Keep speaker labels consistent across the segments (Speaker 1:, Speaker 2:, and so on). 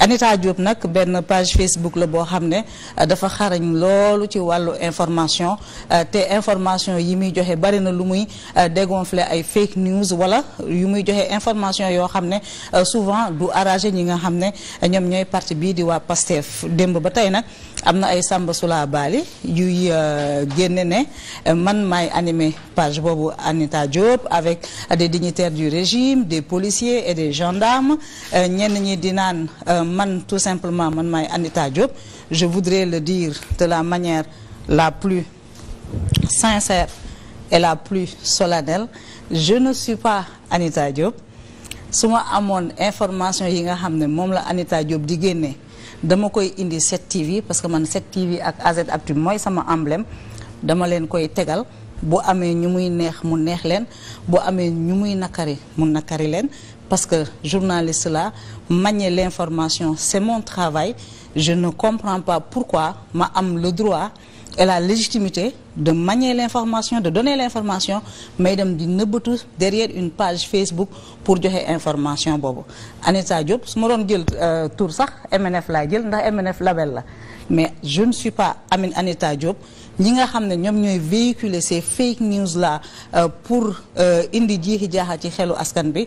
Speaker 1: Anita Diop nag benn page Facebook la boo xam ne euh, dafa xarañ loolu ci wàllu information euh, te information yi muy joxe bari na lu muy euh, dégonfler ay fake news wala yu muy joxe information yoo xam ne souvent du arrangé ñi nga xam ne ñoom ñooy parti bii di waa PASTEF démb ba tey nag am na ay Samba Sula Bali yuy génne ne man may animé page boobu Anita Diop avec des dignitaires du régime des policier et des gendarmes ñenn ñi di naan. man tout simplement man may Anita Diop je voudrais le dire de la manière la plus sincère et la plus solennelle je ne suis pas Anita Diop su ma amoon information yi nga xam ne moom la Anita Diop di génne dama koy indi 7TV parce que man 7TV ak AZ Actu mooy sama emblème dama leen koy tegal bu amee ñu muy neex mu neex leen bu amee ñu muy nakari mu nakari leen parce que journaliste là manier l'information c'est mon travail je ne comprends pas pourquoi ma am le droit et la légitimité de manier l'information de donner l'information may dem di nëbbatu derrière une page Facebook pour joxe information boobu Anita Diop su ma doon jël euh, tour sax MNF laay jël ndax MNF label la mais je ne suis pas Amine Anita Diop ñi nga xam ne ñoom ñooy véhiculer ces fake news la euh, pour euh, indi jiixi jaaxa ci xelu askan bi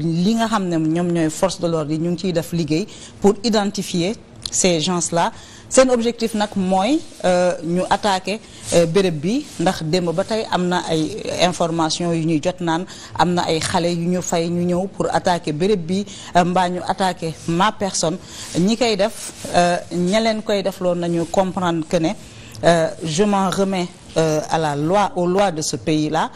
Speaker 1: li nga xam ne ñoom ñooy force de l'ordre yi ñu ngi ciy def liggéey pour identifier ces gens la seen objectif nag mooy euh, ñu attaqué euh, béréb bi ndax démb ba tey am na ay information yu ñuy jot naan am na ay xale yu ñu fay ñu ñëw pour attaqué béréb bi euh, mbaa ñu attaque ma personne ñi koy def ña leen koy def loolu nañu comprendre que ne je m'en remets Euh, à la loi lois de ce pays-là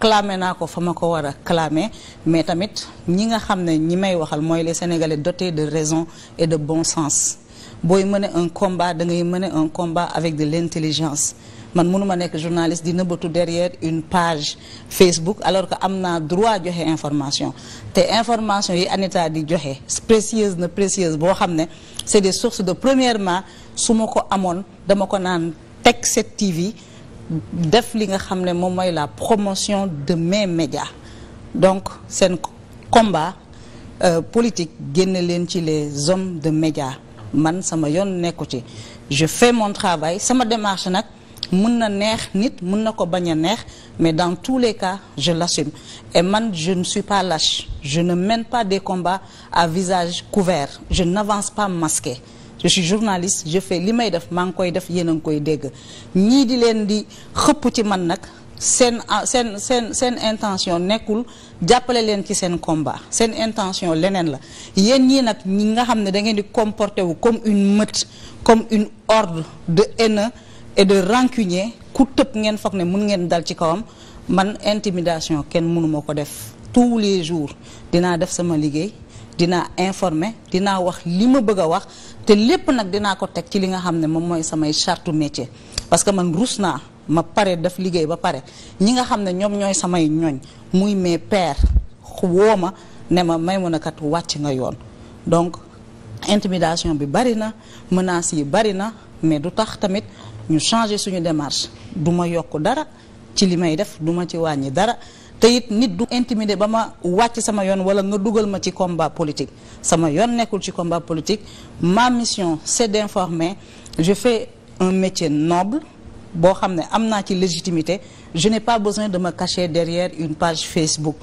Speaker 1: clamé naa ko fa ma ko war a clamé mais tamit ñi nga xam ne ñi may waxal mooy les Sénégalais dotés de raison et de bon sens booy mener un combat da ngay mener un combat avec de l'intelligence man munuma nekk journaliste di nëbbatu derrière une page Facebook alors que am naa droit joxe information te information yi Anita di joxe précieuse na précieuse boo xam ne c'est des sources de premièrement su ma ko amoon dama ko naan teg 7TV def li nga xam ne moom mooy la promotion de mais média donc seen combat euh, politique génne leen ci les hommes de médias man sama yoon nekku ci je fais mon travail sama démarche nag mën na neex nit mun na ko bañ a neex mais dans tous les cas je l'assume et man je ne suis pas lâche je ne mène pas des combats à visage couvert je n'avance pas masqué je suis journaliste je fais li may def maa ngi koy def yéen a ngi koy dégg ñii di leen di xëpp ci man nag seen ah, seen seen seen intention nekkul jàppale leen ci seen combat seen intention leneen la yéen ñii nag ñi nga xam ne da ngeen di comporter wu comme une meute comme une horde de haineux et de rancunier ku tëb ngeen foog ne mun ngeen dal ci kawam man intimidation kenn mënuma ko def tous les jours dinaa def sama liggéey dina informer dinaa wax li ma bëgg a wax te lépp nag dinaa ko teg ci li nga xam ne moom mooy samay chartu métier parce que man rus naa ma pare daf liggéey ba pare ñi nga xam ne ñoom ñooy samay ñooñ muy mes pères woo ma ne ma may mun a kat wàcc nga yoon donc intimidation bi bari na menaces yi bari na mais du tax tamit ñu changer suñu démarche du ma yokk dara ci li may def du ma ci wàññi dara te it nit du intimider ba ma wàcc sama yoon wala nga dugal ma ci combat politique sama yoon nekkul ci combat politique ma mission c'est d'informer je fais un métier noble boo xam ne am naa ci légitimité je n'ai pas besoin de me cacher derrière une page Facebook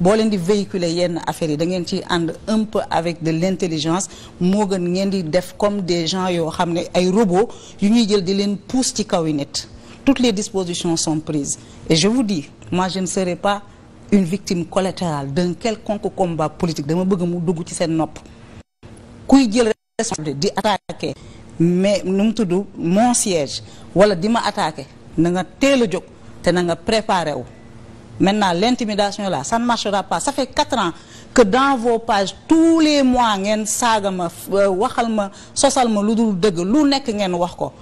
Speaker 1: boo leen di véhiculer yenn affaires yi da ngeen ciy ànd un peu avec de l'intelligence moo gën ngeen di def comme des gens yoo xam ne ay robots yu ñuy jël di leen pousse ci kaw yi nit toutes les dispositions sont prises et je vous dis moi je ne serai pas une victime collatérale d'un quelconque combat politique dama bëgg mu dugg ci seen nopp kuy jël responsabilité di a mais nu mu tudd mon siège wala di ma attaqué na nga teel a jóg te na nga préparé wu maintenant l'intimidation là ça ne marchera pas ça fait quatre ans que dans vos page tous les mois ngeen saaga ma euh, waxal ma sosal ma lu dul dëgg lu nekk ngeen wax ko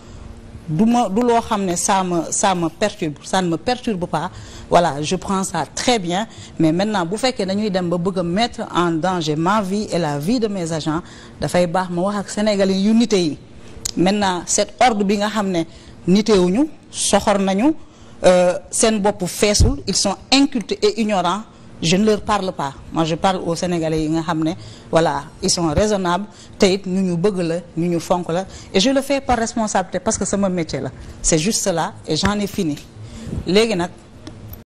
Speaker 1: du ma du loo xam ne saa ma ça me perturbe ça ne me perturbe pas voilà je prends ça très bien mais maintenant bu fekkee dañuy dem ba bëgg a mettre en danger ma vie et la vie de mes agents dafay baax ma wax ak sénégalais maintenant cet ordre bi nga xam ne wu ñu soxor nañu euh, seen bopp feesu ils sont incultes et ignorants je ne leur parle pas moi je parle aux Sénégalais yi nga xam ne voilà ils sont raisonnables te it ñu ñu bëgg la ñu ñu fonk la et je le fais par responsabilité parce que sama métier la c'est juste cela et j'en ai fini léegi nag